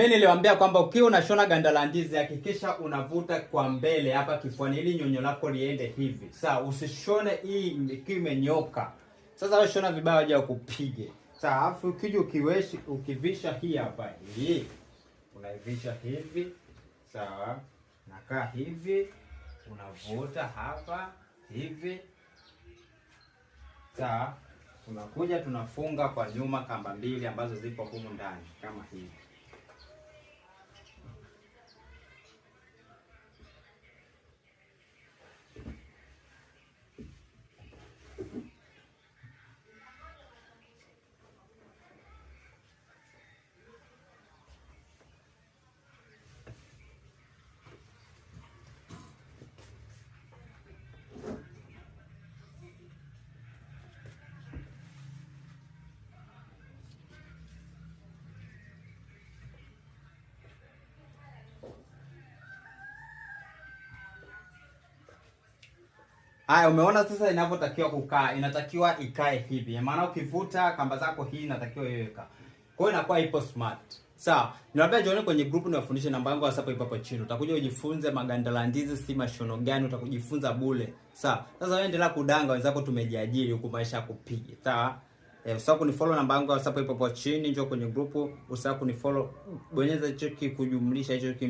Mimi niliwaambia kwamba ukiwa unashona ganda la ndizi hakikisha unavuta kwa mbele hapa kifuani ili nyonyo lako liende hivi. Sasa usishone hii ikiwa imenyoka. Sasa wewe shona vibaya waje wakupige. Sasa afu ukija ukiweshi ukivisha hii hapa. Hii. Unaivisha hivi. Sawa. Nakaa hivi. Unavuta hapa hivi. Sawa. Tunakuja tunafunga kwa nyuma kamba mbili ambazo zipo humu ndani kama hivi. Haya, umeona sasa inavyotakiwa kukaa, inatakiwa ikae hivi, maana ukivuta kamba zako hii inatakiwa ikae. kwa hiyo inakuwa ipo smart. Sawa, niwaambia jioni kwenye group niwafundishe, namba yangu hapo ipo hapo chini. Utakuja ujifunze maganda la ndizi si mashono gani, utakujifunza bule. Sawa, sasa wewe endelea kudanga wenzako, tumejiajiri huku, maisha yakupige. Sawa. Eh, usahau kunifollow namba yangu hapo ipo hapo chini, njoo kwenye group, usahau kunifollow, bonyeza hicho kikujumlisha hicho